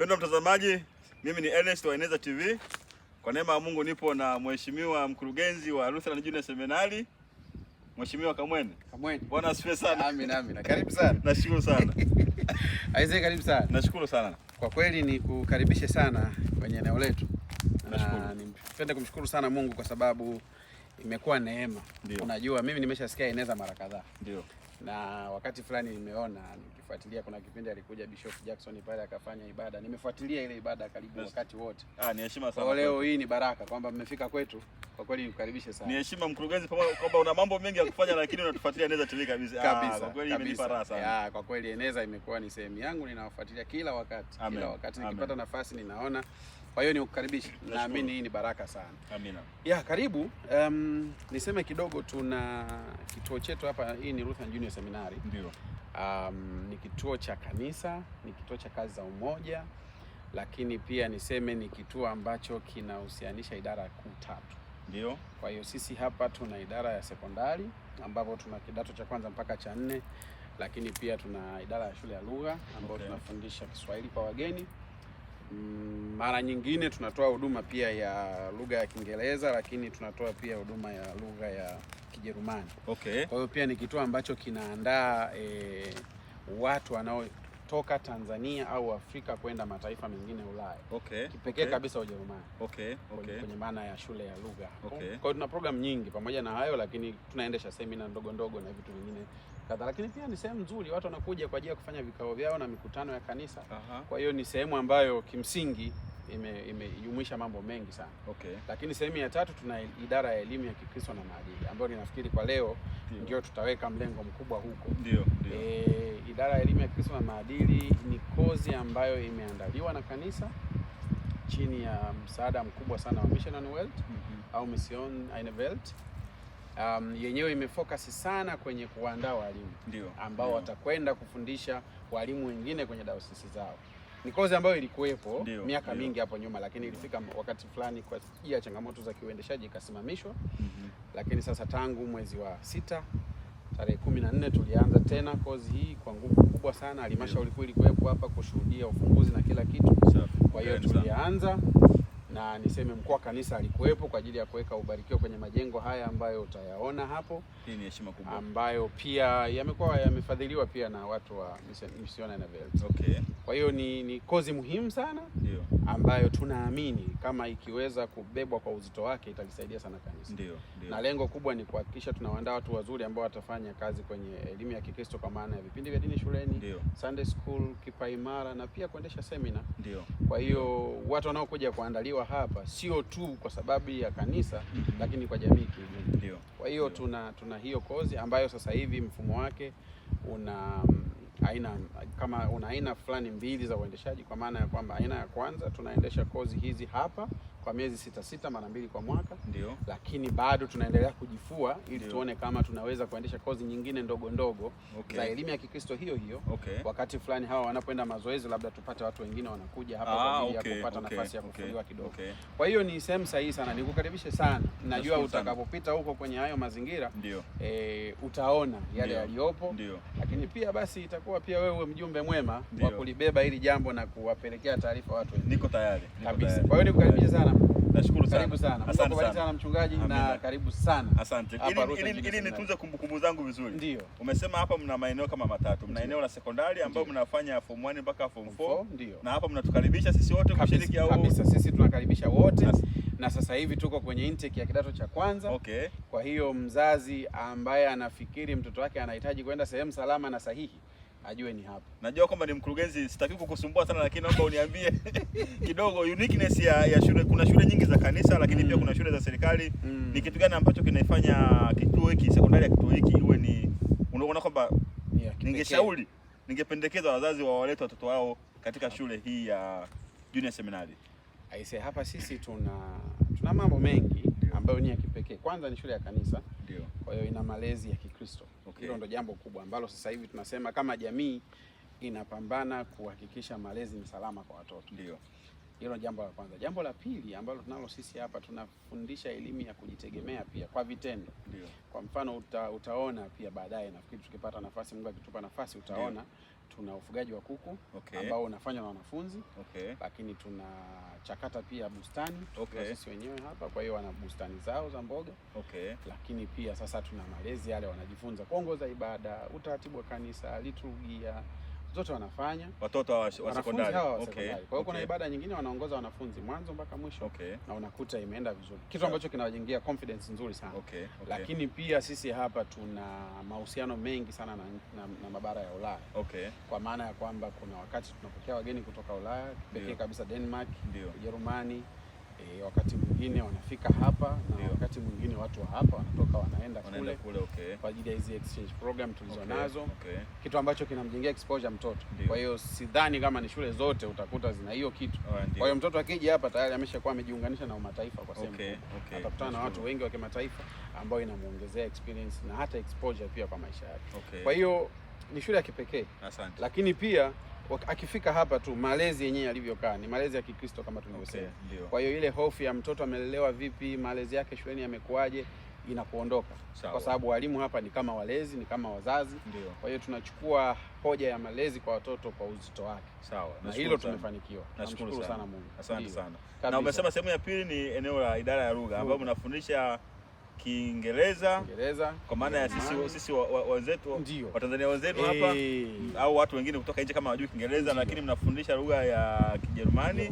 Mpendwa mtazamaji, mimi ni Ernest wa Eneza TV. Kwa neema ya Mungu nipo na mheshimiwa mkurugenzi wa Lutheran Junior Seminari Mheshimiwa Kamwene. Kamwene. Bwana asifiwe sana. Amen, amen. Karibu sana. Nashukuru sana. Aisee, karibu sana. Nashukuru sana. Kwa kweli ni kukaribishe sana kwenye eneo letu. Nashukuru. Na nipende kumshukuru sana Mungu kwa sababu imekuwa neema. Ndiyo. Unajua mimi nimeshasikia Eneza mara kadhaa. Ndio na wakati fulani nimeona nikifuatilia, kuna kipindi alikuja Bishop Jackson pale akafanya ibada, nimefuatilia ile ibada karibu wakati wote. Ah, ni heshima sana. Leo hii ni baraka kwamba mmefika kwetu, kwa kweli nikukaribishe sana. Ni heshima mkurugenzi, pamoja kwamba una mambo mengi ya kufanya, lakini unatufuatilia Eneza TV ah, kabisa. Ah, kwa kweli imenipa raha sana. Ah, kwa kweli Eneza imekuwa ni sehemu yangu, ninawafuatilia kila wakati. Amen. Kila wakati nikipata nafasi ninaona kwa hiyo kukaribisha, naamini hii ni baraka sana. Amina. Ya, karibu. Um, niseme kidogo, tuna kituo chetu hapa, hii ni Lutheran Junior Seminary. Ndio. Um, ni kituo cha kanisa, ni kituo cha kazi za umoja, lakini pia niseme ni kituo ambacho kinahusianisha idara kuu tatu. Ndio. Kwa hiyo sisi hapa tuna idara ya sekondari ambapo tuna kidato cha kwanza mpaka cha nne, lakini pia tuna idara ya shule ya lugha ambayo okay, tunafundisha Kiswahili kwa wageni Mm, mara nyingine tunatoa huduma pia ya lugha ya Kiingereza, lakini tunatoa pia huduma ya lugha ya Kijerumani. Okay. Kwa hiyo pia ni kituo ambacho kinaandaa e, watu wanao toka Tanzania au Afrika kwenda mataifa mengine Ulaya. Okay, kipekee okay, kabisa Ujerumani. Okay, okay. Kwenye maana ya shule ya lugha. Okay. Kwa hiyo tuna program nyingi pamoja na hayo, lakini tunaendesha semina ndogo ndogo na vitu vingine kadhaa, lakini pia ni sehemu nzuri, watu wanakuja kwa ajili ya kufanya vikao vyao na mikutano ya kanisa. Aha. Kwa hiyo ni sehemu ambayo kimsingi imejumuisha ime, mambo mengi sana okay. Lakini sehemu ya tatu tuna idara ya elimu ya Kikristo na maadili ambayo ninafikiri kwa leo ndio tutaweka mlengo mkubwa huko. Ndio, ndio. E, idara ya elimu ya Kikristo na maadili ni kozi ambayo imeandaliwa na kanisa chini ya msaada mkubwa sana wa Mission World mm -hmm. au Mission eine Welt Um, yenyewe imefocus sana kwenye kuandaa walimu ambao watakwenda kufundisha walimu wengine kwenye dayosisi zao. Ni kozi ambayo ilikuwepo miaka mingi hapo nyuma, lakini ilifika wakati fulani kwa ya changamoto za kiuendeshaji ikasimamishwa. mm -hmm. Lakini sasa tangu mwezi wa sita tarehe kumi na nne tulianza tena kozi hii kwa nguvu kubwa sana. Halmashauri kuu ilikuwepo hapa kushuhudia ufunguzi na kila kitu. Kwa hiyo tulianza na niseme mkuu wa kanisa alikuwepo kwa ajili ya kuweka ubarikio kwenye majengo haya ambayo utayaona hapo. Hii ni heshima kubwa ambayo pia yamekuwa yamefadhiliwa pia na watu wa Mission, na Okay. Kwa hiyo ni, ni kozi muhimu sana Ndiyo. ambayo tunaamini kama ikiweza kubebwa kwa uzito wake italisaidia sana kanisa Ndiyo. Ndiyo. na lengo kubwa ni kuhakikisha tunawaandaa watu wazuri ambao watafanya kazi kwenye elimu ya Kikristo kwa maana ya vipindi vya dini shuleni Ndiyo. Sunday school, kipaimara na pia kuendesha semina. Ndiyo. Kwa hiyo watu wanaokuja kuandaliwa hapa sio tu kwa sababu ya kanisa mm -hmm. lakini kwa jamii kiujumla. Kwa hiyo tuna, tuna hiyo kozi ambayo sasa hivi mfumo wake una aina kama una aina fulani mbili za uendeshaji, kwa maana ya kwamba aina ya kwanza tunaendesha kozi hizi hapa kwa miezi sita sita mara mbili kwa mwaka. Ndio. Lakini bado tunaendelea kujifua ili tuone kama tunaweza kuendesha kozi nyingine ndogo ndogo okay. za elimu ya Kikristo hiyo hiyo okay. wakati fulani hawa wanapoenda mazoezi, labda tupate watu wengine wanakuja hapa kwa ah, ajili ya kupata okay. nafasi ya kufuliwa okay. kidogo okay. kwa hiyo ni sehemu sahihi sana, nikukaribishe sana. Najua utakapopita huko kwenye hayo mazingira e, utaona yale yaliyopo, lakini pia basi itakuwa pia wewe mjumbe mwema wa kulibeba hili jambo na kuwapelekea taarifa watu. Niko tayari kabisa, kwa hiyo nikukaribishe sana sana. Nashukuru sana. Karibu sana. Asante sana. sana mchungaji Amina. Na karibu sana. Asante. Ili ili nitunze kumbukumbu zangu vizuri. Ndio. Umesema hapa mna maeneo kama matatu. Mna eneo la sekondari ambayo mnafanya form 1 mpaka form 4. Ndio. Na hapa mnatukaribisha sisi wote kushiriki au kabisa sisi tunakaribisha wote. As na sasa hivi tuko kwenye intake ya kidato cha kwanza. Okay. Kwa hiyo mzazi ambaye anafikiri mtoto wake anahitaji kwenda sehemu salama na sahihi ajue ni hapa. Najua kwamba ni mkurugenzi, sitaki kukusumbua sana, lakini naomba uniambie kidogo uniqueness ya, ya shule. Kuna shule nyingi za kanisa lakini mm. pia kuna shule za serikali mm. ni kitu gani ambacho kinaifanya kituo hiki sekondari ya kituo hiki iwe ni, unaona kwamba yeah, ningeshauri, ningependekeza wazazi wawalete watoto wao katika shule hii ya junior seminary. Aise, hapa sisi tuna tuna mambo mengi ambayo ni ya kipekee. Kwanza ni shule ya kanisa, ndio, kwa hiyo ina malezi ya Kikristo hilo ndo jambo kubwa ambalo sasa hivi tunasema kama jamii inapambana kuhakikisha malezi ni salama kwa watoto. Ndio. Hilo jambo la kwanza. Jambo la pili ambalo tunalo sisi hapa, tunafundisha elimu ya kujitegemea pia kwa vitendo. Ndio. Kwa mfano uta, utaona pia baadaye, nafikiri tukipata nafasi, Mungu akitupa nafasi, utaona Ndio. Tuna ufugaji wa kuku okay. ambao unafanywa na wanafunzi okay. Lakini chakata pia bustani okay. Sisi wenyewe hapa, kwa hiyo wana bustani zao za mboga okay. Lakini pia sasa tuna malezi yale, wanajifunza kuongoza ibada, utaratibu wa kanisa, liturgia zote wanafanya watoto wa sekondari. Okay. Kwa hiyo okay. Kuna ibada nyingine wanaongoza wanafunzi mwanzo mpaka mwisho okay. Na unakuta imeenda vizuri kitu ambacho kinawajengia confidence nzuri sana okay. Okay. Lakini pia sisi hapa tuna mahusiano mengi sana na, na, na mabara ya Ulaya okay. Kwa maana ya kwamba kuna wakati tunapokea wageni kutoka Ulaya pekee kabisa Denmark, Ujerumani E, wakati mwingine wanafika hapa na Dio. Wakati mwingine watu wa hapa wanatoka wanaenda, wanaenda kule, kule okay. Kwa ajili ya hizi exchange program tulizo okay. Okay. Kitu ambacho kinamjengea exposure mtoto Dio. Kwa hiyo sidhani kama ni shule zote utakuta zina hiyo kitu Oe. Oh, kwa hiyo mtoto akija hapa tayari ameshakuwa amejiunganisha na umataifa kwa sehemu okay. Okay. Atakutana na watu wengi wa kimataifa ambayo inamuongezea experience na hata exposure pia kwa maisha yake okay. Kwa hiyo ni shule ya kipekee, lakini pia akifika hapa tu malezi yenyewe yalivyokaa ni malezi ya Kikristo kama tulivyosema. Okay, kwa hiyo ile hofu ya mtoto amelelewa vipi, malezi yake shuleni yamekuaje, inakuondoka kwa sababu walimu hapa ni kama walezi, ni kama wazazi. Ndio. Kwa hiyo tunachukua hoja ya malezi kwa watoto kwa uzito wake. Sawa. Na hilo tumefanikiwa. Nashukuru sana Mungu. Asante sana. Na umesema sehemu ya pili ni eneo la idara ya lugha ambapo mnafundisha Kiingereza kwa maana ya sisi sisi wenzetu Tanzania wenzetu hapa eh. au watu wengine kutoka nje kama wajui Kiingereza, lakini mnafundisha lugha ya Kijerumani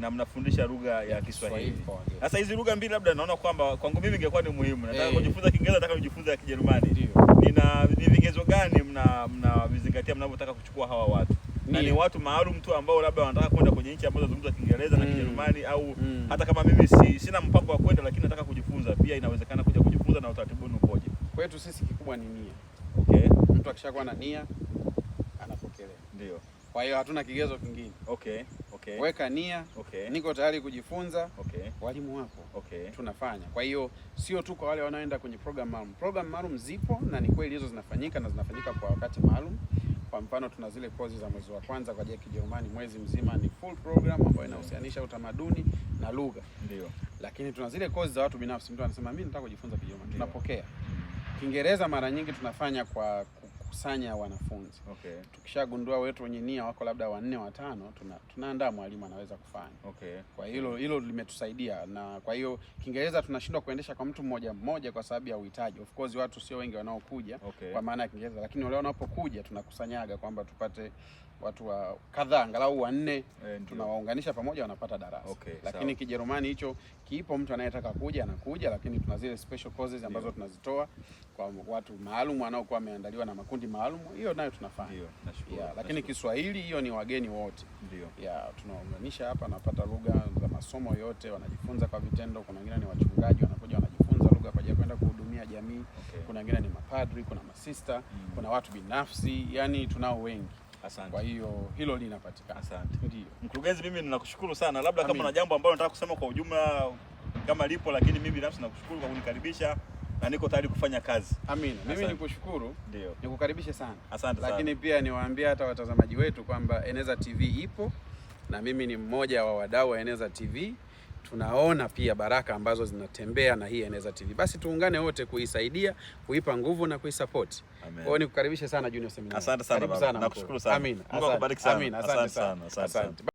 na mnafundisha lugha ya Kiswahili. Sasa hizi lugha mbili, labda naona kwamba kwangu mimi ingekuwa ni muhimu, nataka eh. kujifunza Kiingereza, nataka kujifunza Kijerumani. Nina ni vigezo gani mna mnavizingatia mna mnavyotaka kuchukua hawa watu na ni watu maalum tu ambao labda wanataka kwenda kwenye nchi ambazo zungumza Kiingereza mm. na Kijerumani au mm. hata kama mimi si, sina mpango wa kwenda, lakini nataka kujifunza pia inawezekana kuja kujifunza na utaratibu ni ukoje. Kwetu sisi kikubwa ni nia. Okay. Mtu akishakuwa na nia anapokelea. Ndio. Kwa hiyo hatuna kigezo kingine. Okay. Okay. Weka nia. Okay. Niko tayari kujifunza. Okay. Walimu wako. Okay. Tunafanya. Kwa hiyo sio tu kwa wale wanaoenda kwenye program maalum. Program maalum zipo na ni kweli hizo zinafanyika na zinafanyika kwa wakati maalum. Kwa mfano tuna zile kozi za mwezi wa kwanza kwa ajili ya Kijerumani, mwezi mzima ni full program ambayo inahusianisha utamaduni na lugha. Ndio lakini tuna zile kozi za watu binafsi. Mtu anasema mimi nataka kujifunza Kijerumani, tunapokea Kiingereza mara nyingi tunafanya kwa tunakusanya wanafunzi okay. Tukishagundua wetu wenye nia wako labda wanne watano, tuna tunaandaa mwalimu anaweza kufanya okay. Kwa hilo hilo limetusaidia, na kwa hiyo Kiingereza tunashindwa kuendesha kwa mtu mmoja mmoja kwa sababu ya uhitaji. Of course watu sio wengi wanaokuja okay. Kwa maana ya Kiingereza, lakini wale wanapokuja tunakusanyaga kwamba tupate watu wa kadhaa angalau wanne eh, tunawaunganisha pamoja, wanapata darasa okay. Lakini Kijerumani hicho kipo, mtu anayetaka kuja anakuja, lakini tuna zile special courses ambazo tunazitoa kwa watu maalum wanaokuwa wameandaliwa na makundi maalum, hiyo nayo tunafanya yeah, lakini nashukuru. Kiswahili hiyo ni wageni wote yeah, tunaunganisha hapa, napata lugha za masomo yote, wanajifunza kwa vitendo. Kuna wengine ni wachungaji wanakuja wanajifunza lugha kwa ajili ya kwenda kuhudumia jamii okay. Kuna wengine ni mapadri, kuna masista mm. Kuna watu binafsi, yani tunao wengi Asante. Kwa hiyo hilo linapatikana. Asante. Ndio. Mkurugenzi, mimi ninakushukuru sana, labda kama na jambo ambalo nataka kusema kwa ujumla kama lipo, lakini mimi binafsi nakushukuru kwa kunikaribisha na niko tayari kufanya kazi. Amina. Mimi nikushukuru, ndio nikukaribishe sana. Asante sana. Lakini pia niwaambie hata watazamaji wetu kwamba Eneza TV ipo na mimi ni mmoja wa wadau wa Eneza TV. Tunaona pia baraka ambazo zinatembea na hii Eneza TV, basi tuungane wote kuisaidia, kuipa nguvu na kuisapoti. Kwa hiyo nikukaribishe sana Junior Seminar. Asante sana baba. Nakushukuru sana. Amina. Mungu akubariki sana. Asante sana. Asante.